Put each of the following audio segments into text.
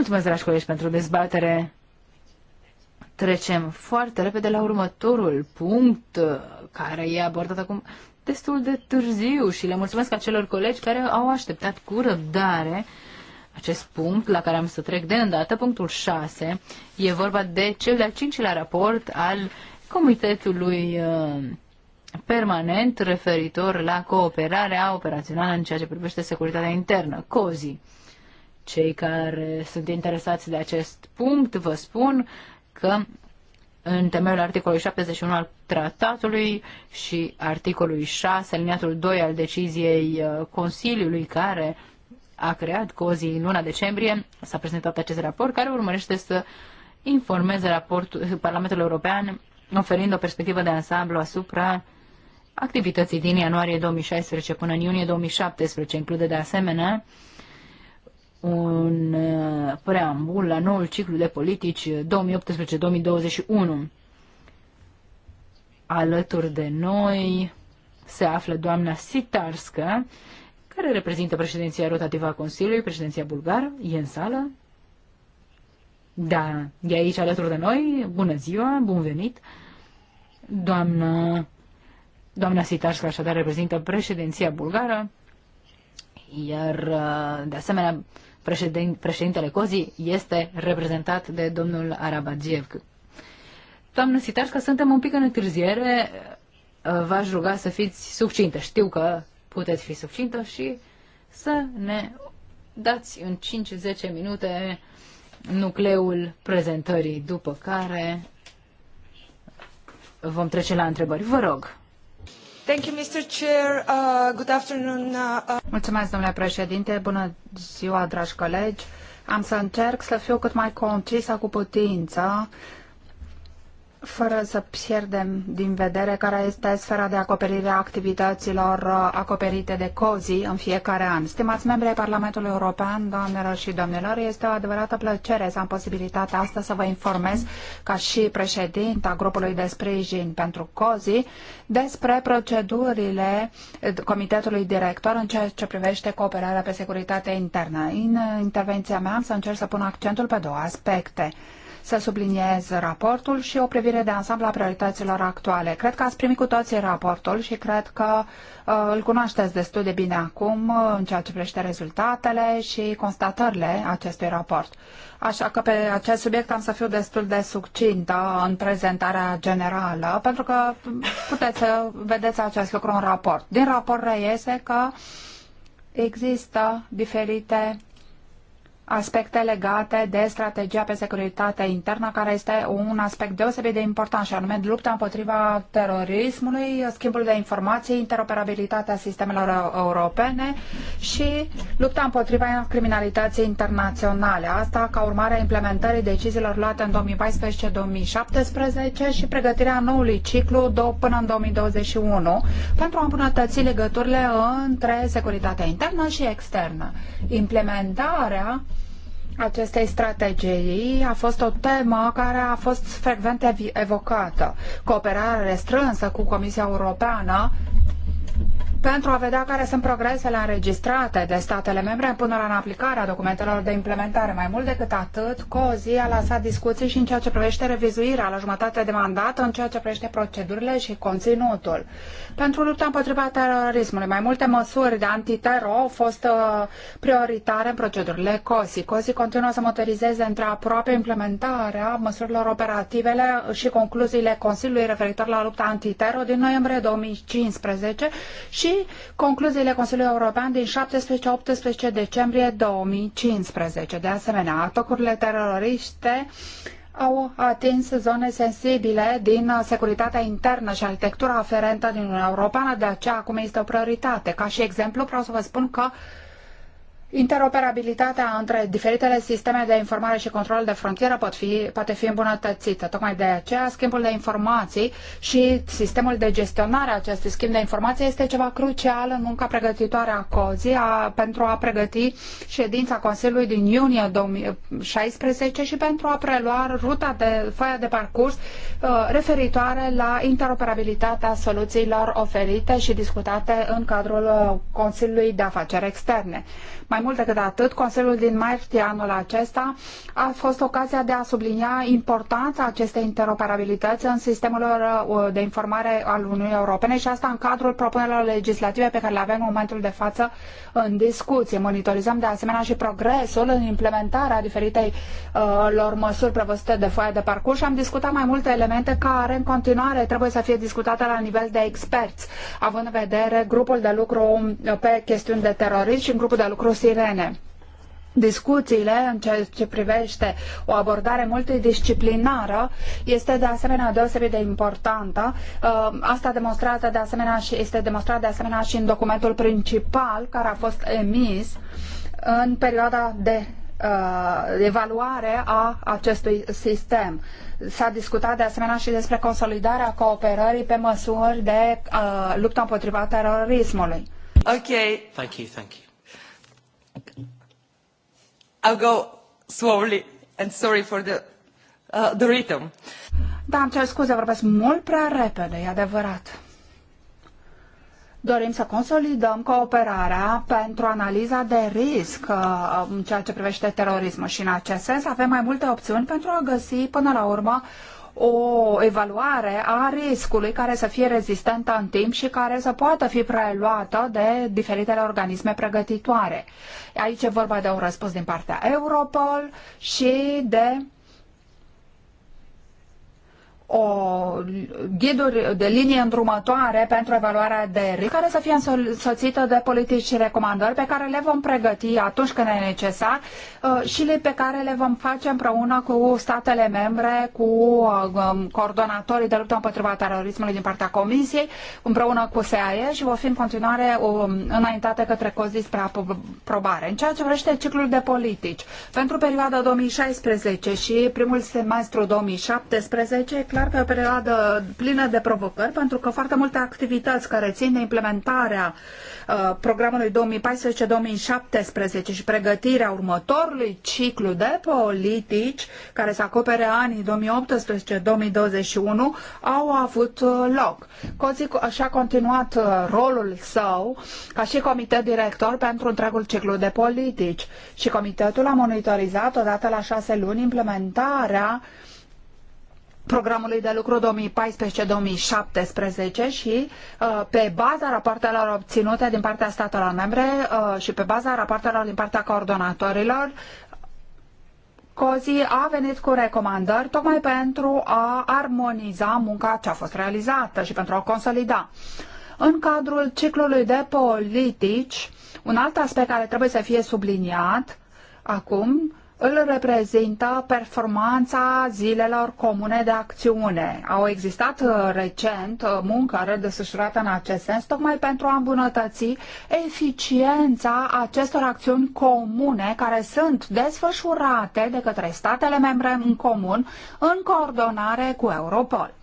Mulțumesc, dragi colegi, pentru dezbatere. Trecem foarte repede la următorul punct uh, care e abordat acum destul de târziu și le mulțumesc acelor colegi care au așteptat cu răbdare acest punct la care am să trec de îndată, punctul 6. E vorba de cel de-al cincilea raport al Comitetului uh, permanent referitor la cooperarea operațională în ceea ce privește securitatea internă, COZI. Cei care sunt interesați de acest punct vă spun că în temeiul articolului 71 al tratatului și articolului 6, aliniatul 2 al deciziei uh, Consiliului care a creat COZI în luna decembrie, s-a prezentat acest raport care urmărește să informeze raportul, Parlamentul European oferind o perspectivă de ansamblu asupra activității din ianuarie 2016 până în iunie 2017. Include de asemenea un uh, preambul la noul ciclu de politici 2018-2021. Alături de noi se află doamna Sitarska, care reprezintă președinția rotativă a Consiliului, președinția bulgară, e în sală. Da, e aici alături de noi. Bună ziua, bun venit. Doamna, doamna Sitarska așadar reprezintă președinția bulgară, iar uh, de asemenea președintele COZI este reprezentat de domnul Arabadziev. Doamnă Sitașca, suntem un pic în întârziere. V-aș ruga să fiți succintă. Știu că puteți fi succintă și să ne dați în 5-10 minute nucleul prezentării, după care vom trece la întrebări. Vă rog! Uh, uh, uh. Mulțumesc, domnule președinte. Bună ziua, dragi colegi. Am să încerc să fiu cât mai concisă cu putință fără să pierdem din vedere care este sfera de acoperire a activităților uh, acoperite de COZI în fiecare an. Stimați membri ai Parlamentului European, doamnelor și domnilor, este o adevărată plăcere să am posibilitatea asta să vă informez ca și președinta grupului de sprijin pentru COZI despre procedurile Comitetului Director în ceea ce privește cooperarea pe securitate internă. În intervenția mea am să încerc să pun accentul pe două aspecte să subliniez raportul și o privire de ansamblu a priorităților actuale. Cred că ați primit cu toții raportul și cred că uh, îl cunoașteți destul de bine acum uh, în ceea ce privește rezultatele și constatările acestui raport. Așa că pe acest subiect am să fiu destul de succintă în prezentarea generală, pentru că puteți să vedeți acest lucru în raport. Din raport reiese că există diferite aspecte legate de strategia pe securitate internă, care este un aspect deosebit de important, și anume lupta împotriva terorismului, schimbul de informații, interoperabilitatea sistemelor europene și lupta împotriva criminalității internaționale. Asta ca urmare a implementării deciziilor luate în 2014-2017 și pregătirea noului ciclu până în 2021 pentru a îmbunătăți legăturile între securitatea internă și externă. Implementarea acestei strategii a fost o temă care a fost frecvent evocată. Cooperarea restrânsă cu Comisia Europeană pentru a vedea care sunt progresele înregistrate de statele membre în punerea în aplicare a documentelor de implementare. Mai mult decât atât, COZI a lansat discuții și în ceea ce privește revizuirea la jumătate de mandat, în ceea ce privește procedurile și conținutul. Pentru lupta împotriva terorismului, mai multe măsuri de antitero au fost uh, prioritare în procedurile COSI. COSI continuă să motorizeze între aproape implementarea măsurilor operativele și concluziile Consiliului referitor la lupta antitero din noiembrie 2015 și și concluziile Consiliului European din 17-18 decembrie 2015. De asemenea, atacurile teroriste au atins zone sensibile din securitatea internă și arhitectura aferentă din Uniunea Europeană, de aceea acum este o prioritate. Ca și exemplu, vreau să vă spun că Interoperabilitatea între diferitele sisteme de informare și control de frontieră pot fi, poate fi îmbunătățită. Tocmai de aceea, schimbul de informații și sistemul de gestionare a acestui schimb de informații este ceva crucial în munca pregătitoare a COZI a, pentru a pregăti ședința Consiliului din iunie 2016 și pentru a prelua ruta de foaia de parcurs a, ă, referitoare la interoperabilitatea soluțiilor oferite și discutate în cadrul ă, Consiliului de Afaceri Externe. Mai mai mult decât atât, Consiliul din martie anul acesta a fost ocazia de a sublinia importanța acestei interoperabilități în sistemul uh, de informare al Uniunii Europene și asta în cadrul propunerilor legislative pe care le avem în momentul de față în discuție. Monitorizăm de asemenea și progresul în implementarea diferitei uh, lor măsuri prevăzute de foaia de parcurs și am discutat mai multe elemente care în continuare trebuie să fie discutate la nivel de experți, având în vedere grupul de lucru uh, pe chestiuni de terorism și grupul de lucru sirene. Discuțiile în ceea ce privește o abordare multidisciplinară este de asemenea deosebit de importantă. Uh, asta demonstrează de asemenea și este demonstrat de asemenea și în documentul principal care a fost emis în perioada de uh, evaluare a acestui sistem. S-a discutat de asemenea și despre consolidarea cooperării pe măsuri de uh, luptă împotriva terorismului. Ok. Thank you, thank you. I'll go slowly and sorry for the, uh, the rhythm. Da, am cer scuze, vorbesc mult prea repede, e adevărat. Dorim să consolidăm cooperarea pentru analiza de risc uh, în ceea ce privește terorismul și în acest sens avem mai multe opțiuni pentru a găsi până la urmă o evaluare a riscului care să fie rezistentă în timp și care să poată fi preluată de diferitele organisme pregătitoare. Aici e vorba de un răspuns din partea Europol și de o ghiduri de linie îndrumătoare pentru evaluarea de risc, care să fie însoțită de politici și recomandări pe care le vom pregăti atunci când e necesar uh, și le pe care le vom face împreună cu statele membre, cu uh, um, coordonatorii de luptă împotriva terorismului din partea Comisiei, împreună cu SAE și vor fi în continuare um, înaintate către COZI spre aprobare. În ceea ce vrește ciclul de politici, pentru perioada 2016 și primul semestru 2017, clar chiar pe o perioadă plină de provocări, pentru că foarte multe activități care țin de implementarea uh, programului 2014-2017 și pregătirea următorului ciclu de politici, care să acopere anii 2018-2021, au avut uh, loc. COSIC și-a continuat uh, rolul său ca și comitet director pentru întregul ciclu de politici și comitetul a monitorizat odată la șase luni implementarea uh, programului de lucru 2014-2017 și uh, pe baza rapoartelor obținute din partea statelor membre uh, și pe baza rapoartelor din partea coordonatorilor, COSI a venit cu recomandări tocmai pentru a armoniza munca ce a fost realizată și pentru a o consolida. În cadrul ciclului de politici, un alt aspect care trebuie să fie subliniat acum îl reprezintă performanța zilelor comune de acțiune. Au existat uh, recent uh, muncă desfășurată în acest sens, tocmai pentru a îmbunătăți eficiența acestor acțiuni comune care sunt desfășurate de către statele membre în comun în coordonare cu Europol.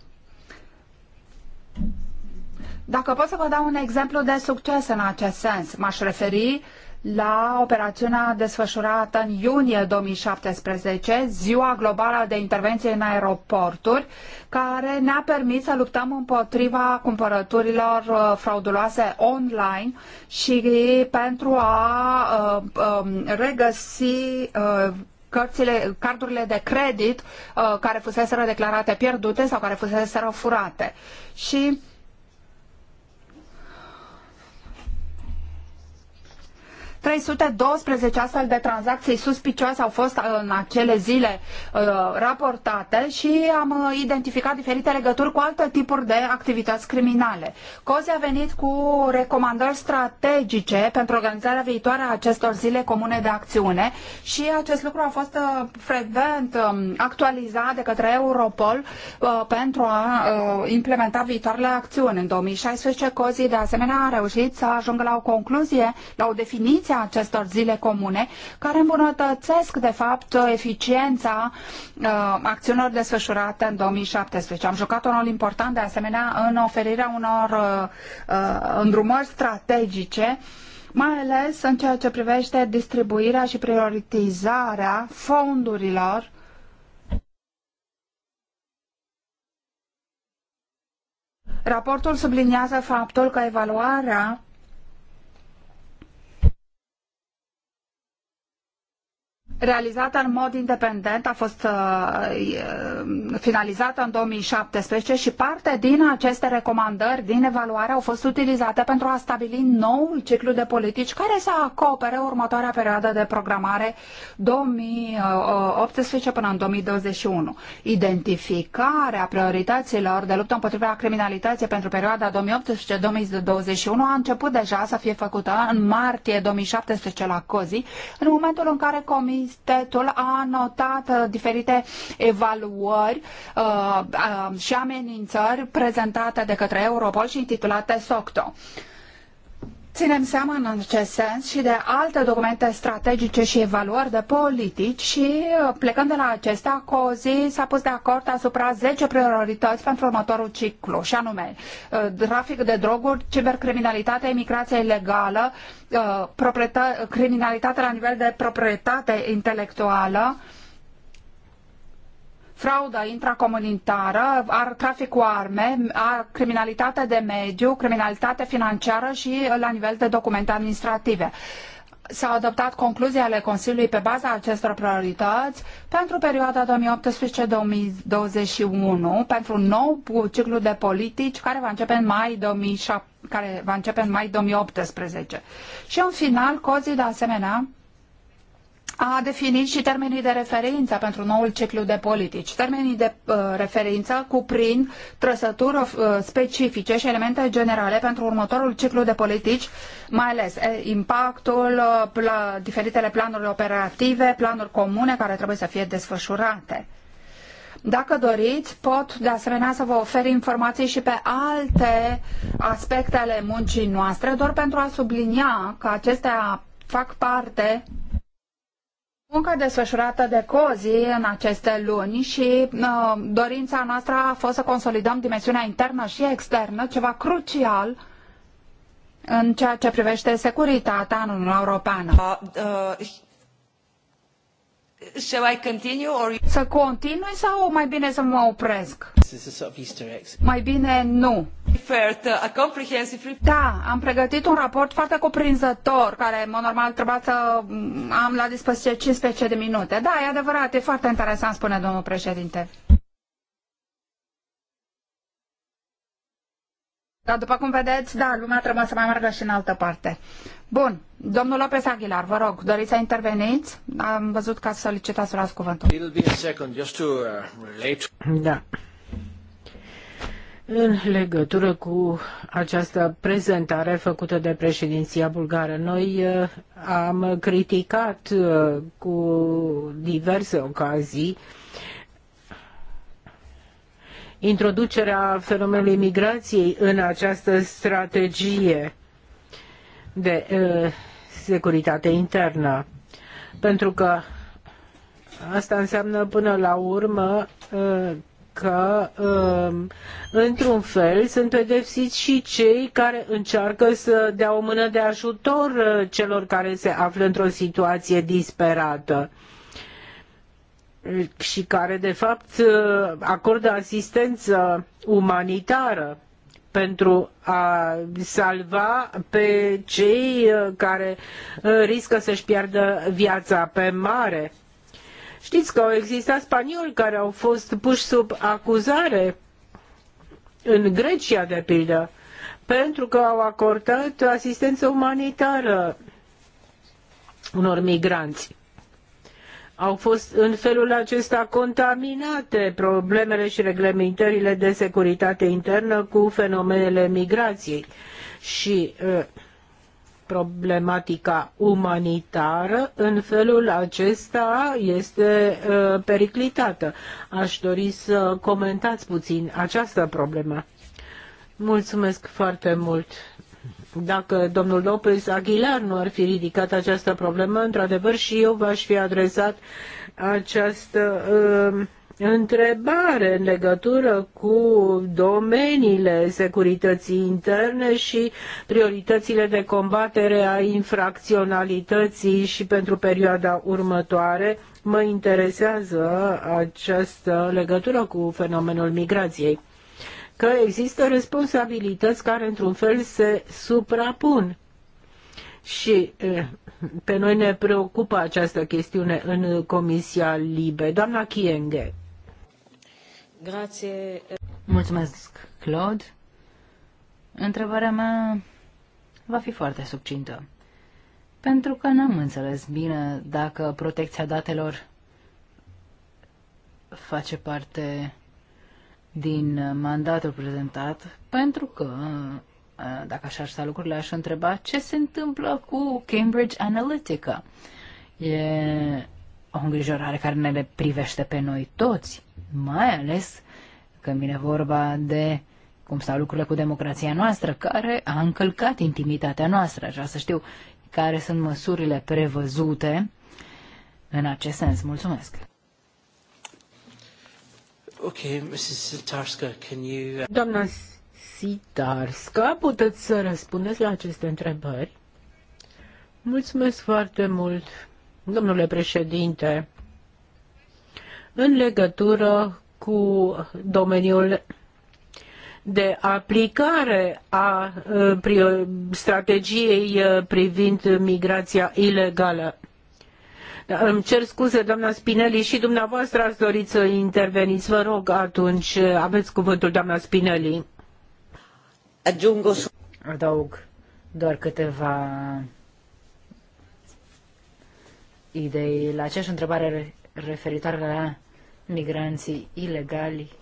Dacă pot să vă dau un exemplu de succes în acest sens, m-aș referi uh, la operațiunea desfășurată în iunie 2017, Ziua Globală de Intervenție în Aeroporturi, care ne-a permis să luptăm împotriva cumpărăturilor uh, frauduloase online și pentru a uh, um, regăsi uh, cărțile, cardurile de credit care fuseseră declarate pierdute sau care fuseseră furate. Și 312 astfel de tranzacții suspicioase au fost uh, în acele zile uh, raportate și am uh, identificat diferite legături cu alte tipuri de activități criminale. COZI a venit cu recomandări strategice pentru organizarea viitoare a acestor zile comune de acțiune și acest lucru a fost frecvent um, actualizat de către Europol pentru a implementa viitoarele acțiuni. În 2016, COZI de asemenea a reușit să ajungă la o concluzie, la o definiție tradiția acestor zile comune, care îmbunătățesc, de fapt, eficiența uh, acțiunilor desfășurate în 2017. Am jucat un rol important, de asemenea, în oferirea unor uh, uh, îndrumări strategice mai ales în ceea ce privește distribuirea și prioritizarea fondurilor Raportul subliniază faptul că evaluarea realizată în mod independent, a fost uh, uh finalizată în 2017 și parte din aceste recomandări din evaluare au fost utilizate pentru a stabili noul ciclu de politici care să acopere următoarea perioadă de programare 2018 până în 2021. Identificarea priorităților de luptă împotriva criminalității pentru perioada 2018-2021 a început deja să fie făcută în martie 2017 la COZI, în momentul în care Comisia Comitetul a notat uh, diferite evaluări uh, uh, și amenințări prezentate de către Europol și intitulate SOCTO. Ținem seama în acest sens și de alte documente strategice și evaluări de politici și uh, plecând de la acestea, COZI s-a pus de acord asupra 10 priorități pentru următorul ciclu și anume uh, trafic de droguri, cibercriminalitate, imigrație ilegală, uh, criminalitate la nivel de proprietate intelectuală, frauda intracomunitară, ar, trafic cu arme, ar, criminalitatea de mediu, criminalitatea financiară și uh, la nivel de documente administrative s-au adoptat concluzii ale Consiliului pe baza acestor priorități pentru perioada 2018-2021, pentru un nou ciclu de politici care va începe în mai 2007, care va începe în mai 2018. Și în final, COZI de asemenea a definit și termenii de referință pentru noul ciclu de politici. Termenii de uh, referință cuprind trăsături uh, specifice și elemente generale pentru următorul ciclu de politici, mai ales uh, impactul diferitele planuri operative, planuri comune care trebuie să fie desfășurate. Dacă doriți, pot de asemenea să vă ofer informații și pe alte aspecte ale muncii noastre, doar pentru a sublinia că acestea fac parte Munca desfășurată de COZI în aceste luni și uh, dorința noastră a fost să consolidăm dimensiunea internă și externă, ceva crucial în ceea ce privește securitatea în Uniunea Europeană. Uh, uh Shall I continue or... Să continui sau mai bine să mă opresc? Mai bine nu. Da, am pregătit un raport foarte cuprinzător, care, în mod normal, trebuia să am la dispoziție 15 de minute. Da, e adevărat, e foarte interesant, spune domnul președinte. Dar după cum vedeți, da, lumea trebuie să mai meargă și în altă parte. Bun. Domnul Lopez Aguilar, vă rog, doriți să interveniți? Am văzut că ați solicitat să luați cuvântul. Uh, da. În legătură cu această prezentare făcută de președinția bulgară, noi uh, am criticat uh, cu diverse ocazii introducerea fenomenului migrației în această strategie de uh, securitate internă. Pentru că asta înseamnă până la urmă uh, că uh, într-un fel sunt pedepsiți și cei care încearcă să dea o mână de ajutor uh, celor care se află într-o situație disperată. Uh, și care de fapt uh, acordă asistență umanitară pentru a salva pe cei uh, care uh, riscă să-și piardă viața pe mare. Știți că au existat spanioli care au fost puși sub acuzare în Grecia, de pildă, pentru că au acordat asistență umanitară unor migranți au fost în felul acesta contaminate problemele și reglementările de securitate internă cu fenomenele migrației și uh, problematica umanitară în felul acesta este uh, periclitată. Aș dori să comentați puțin această problemă. Mulțumesc foarte mult. Dacă domnul Lopez Aguilar nu ar fi ridicat această problemă, într-adevăr și eu v-aș fi adresat această uh, întrebare în legătură cu domeniile securității interne și prioritățile de combatere a infracționalității și pentru perioada următoare. Mă interesează această legătură cu fenomenul migrației că există responsabilități care într-un fel se suprapun. Și pe noi ne preocupă această chestiune în Comisia Libe. Doamna Chienghe. Grație. Mulțumesc, Claude. Întrebarea mea va fi foarte subcintă. Pentru că n-am înțeles bine dacă protecția datelor face parte din uh, mandatul prezentat, pentru că, uh, dacă așa ar sta lucrurile, aș întreba ce se întâmplă cu Cambridge Analytica. E o îngrijorare care ne le privește pe noi toți, mai ales când vine vorba de cum stau lucrurile cu democrația noastră, care a încălcat intimitatea noastră. Așa să știu care sunt măsurile prevăzute în acest sens. Mulțumesc! Okay, Mrs. Sitarska, can you... Uh, Doamna Sitarska, puteți să răspundeți la aceste întrebări? Mulțumesc foarte mult, domnule președinte. În legătură cu domeniul de aplicare a uh, strategiei uh, privind migrația ilegală. Îmi cer scuze, doamna Spinelli, și dumneavoastră ați dorit să interveniți. Vă rog, atunci aveți cuvântul, doamna Spinelli. Adaug doar câteva idei la aceeași întrebare referitoare la migranții ilegali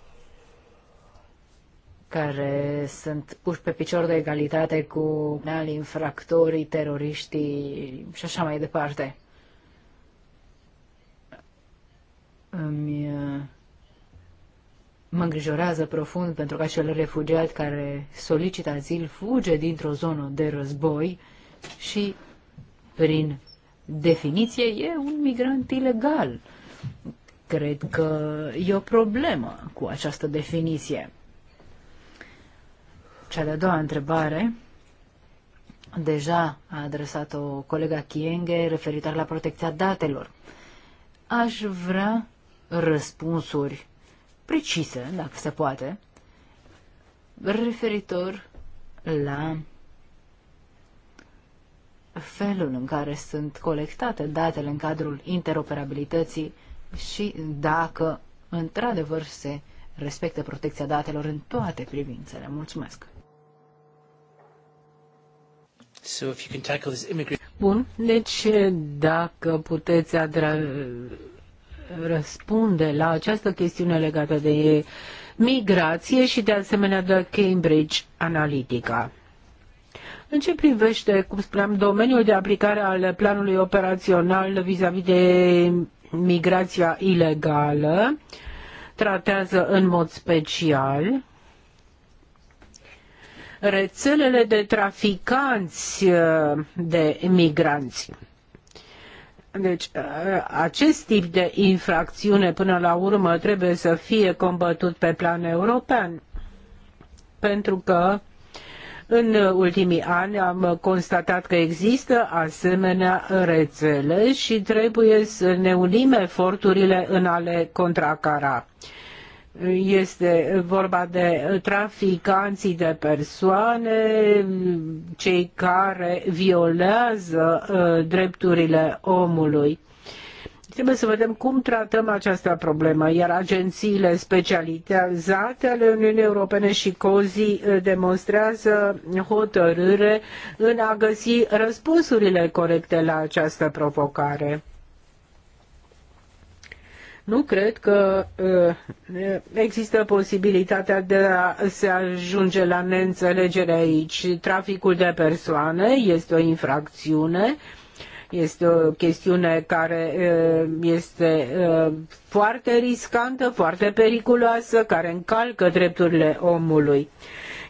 care sunt puși pe picior de egalitate cu ali infractorii, teroriștii și așa mai departe. îmi uh, mă îngrijorează profund pentru că acel refugiat care solicită azil fuge dintr-o zonă de război și, prin definiție, e un migrant ilegal. Cred că e o problemă cu această definiție. Cea de-a doua întrebare, deja a adresat-o colega Chienghe referitor la protecția datelor. Aș vrea răspunsuri precise, dacă se poate, referitor la felul în care sunt colectate datele în cadrul interoperabilității și dacă într-adevăr se respectă protecția datelor în toate privințele. Mulțumesc! Bun, deci dacă puteți adra- răspunde la această chestiune legată de migrație și de asemenea de Cambridge Analytica. În ce privește, cum spuneam, domeniul de aplicare al planului operațional vis-a-vis -vis de migrația ilegală, tratează în mod special rețelele de traficanți uh, de migranți. Deci ă, acest tip de infracțiune până la urmă trebuie să fie combătut pe plan european, pentru că în ultimii ani am constatat că există asemenea rețele și trebuie să ne unim eforturile în a le contracara. Este vorba de traficanții de persoane, cei care violează uh, drepturile omului. Trebuie să vedem cum tratăm această problemă, iar agențiile specializate ale Uniunii Europene și COZI uh, demonstrează hotărâre în a găsi răspunsurile corecte la această provocare. Nu cred că uh, există posibilitatea de a se ajunge la neînțelegere aici. Traficul de persoane este o infracțiune este o chestiune care uh, este uh, foarte riscantă, foarte periculoasă, care încalcă drepturile omului.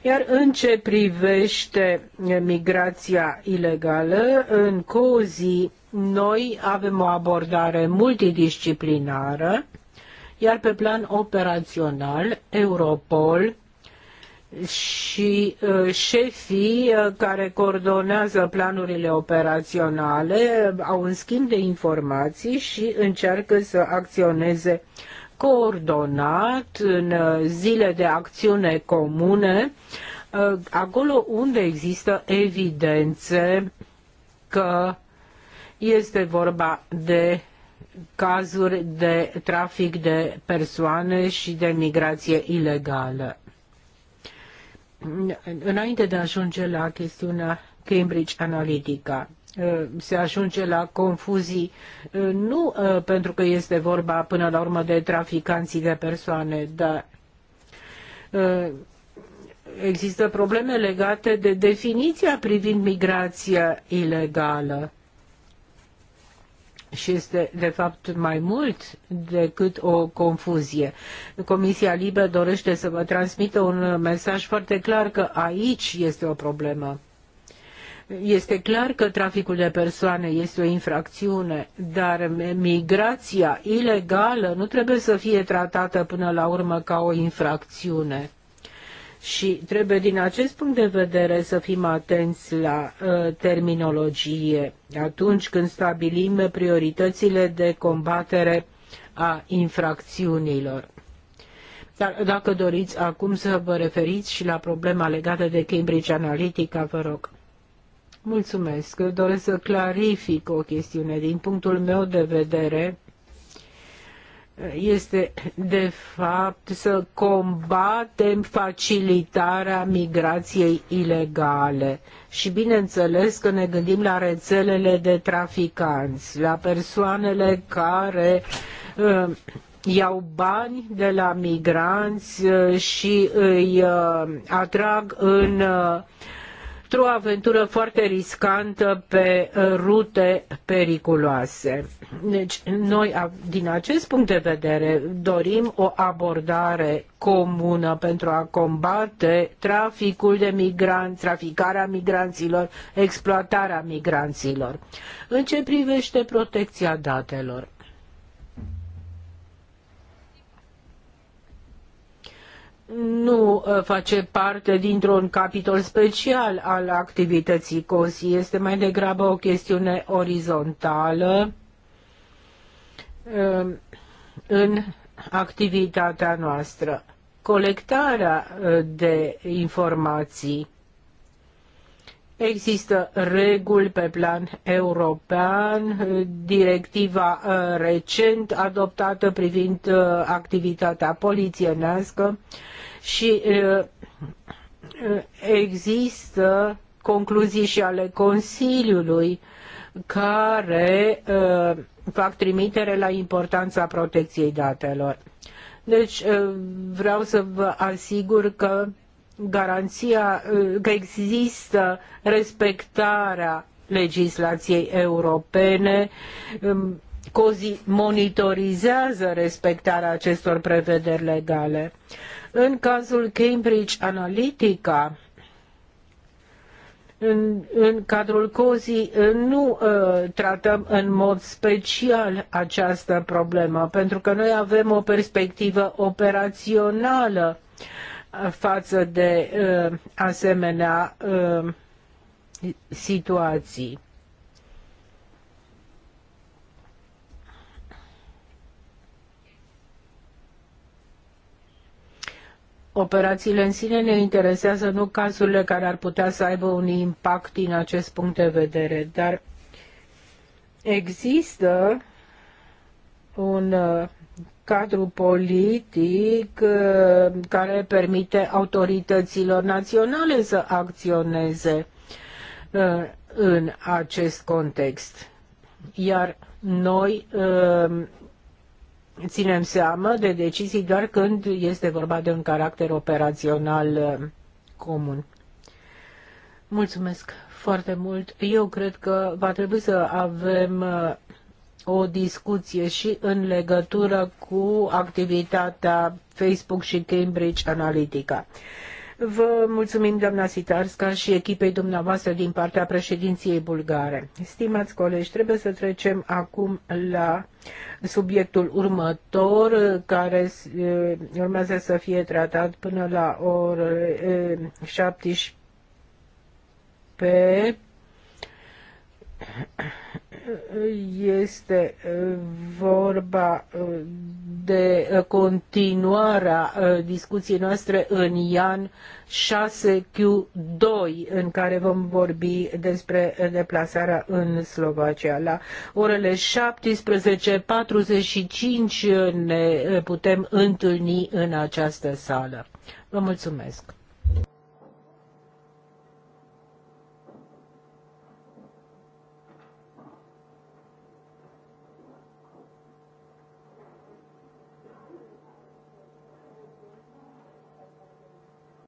Iar în ce privește migrația ilegală, în COZI noi avem o abordare multidisciplinară, iar pe plan operațional, Europol și uh, șefii uh, care coordonează planurile operaționale uh, au un schimb de informații și încearcă să acționeze coordonat în zile de acțiune comune, acolo unde există evidențe că este vorba de cazuri de trafic de persoane și de migrație ilegală. Înainte de a ajunge la chestiunea Cambridge Analytica, se ajunge la confuzii, nu pentru că este vorba până la urmă de traficanții de persoane, dar există probleme legate de definiția privind migrația ilegală și este de fapt mai mult decât o confuzie. Comisia Libe dorește să vă transmită un mesaj foarte clar că aici este o problemă. Este clar că traficul de persoane este o infracțiune, dar migrația ilegală nu trebuie să fie tratată până la urmă ca o infracțiune și trebuie din acest punct de vedere să fim atenți la uh, terminologie atunci când stabilim prioritățile de combatere a infracțiunilor. Dar dacă doriți acum să vă referiți și la problema legată de Cambridge Analytica, vă rog. Mulțumesc. Doresc să clarific o chestiune. Din punctul meu de vedere, este de fapt să combatem facilitarea migrației ilegale. Și bineînțeles că ne gândim la rețelele de traficanți, la persoanele care uh, iau bani de la migranți uh, și îi uh, atrag în uh, într-o aventură foarte riscantă pe uh, rute periculoase. Deci, noi, din acest punct de vedere, dorim o abordare comună pentru a combate traficul de migranți, traficarea migranților, exploatarea migranților. În ce privește protecția datelor? nu ă, face parte dintr-un capitol special al activității COSI, este mai degrabă o chestiune orizontală ă, în activitatea noastră. Colectarea ă, de informații Există reguli pe plan european, directiva uh, recent adoptată privind uh, activitatea polițienească și uh, există concluzii și ale Consiliului care fac trimitere la importanța protecției datelor. Deci vreau să vă asigur că garanția uh, că există respectarea legislației europene, um, COZI monitorizează respectarea acestor prevederi legale. În cazul Cambridge Analytica, în, în cadrul COZI uh, nu uh, tratăm în mod special această problemă, pentru că noi avem o perspectivă operațională uh, față de uh, asemenea uh, situații. Operațiile în sine ne interesează nu cazurile care ar putea să aibă un impact din acest punct de vedere, dar există un uh, cadru politic uh, care permite autorităților naționale să acționeze uh, în acest context. Iar noi uh, ținem seama de decizii doar când este vorba de un caracter operațional comun. Mulțumesc foarte mult. Eu cred că va trebui să avem o discuție și în legătură cu activitatea Facebook și Cambridge Analytica. Vă mulțumim, doamna Sitarska, și echipei dumneavoastră din partea președinției bulgare. Stimați colegi, trebuie să trecem acum la subiectul următor, care eh, urmează să fie tratat până la orele 17 eh, pe este uh, vorba uh, de uh, continuarea discuției noastre în Ian 6Q2, în care vom vorbi despre deplasarea în Slovacia. La orele 17.45 ne putem întâlni în această sală. Vă mulțumesc!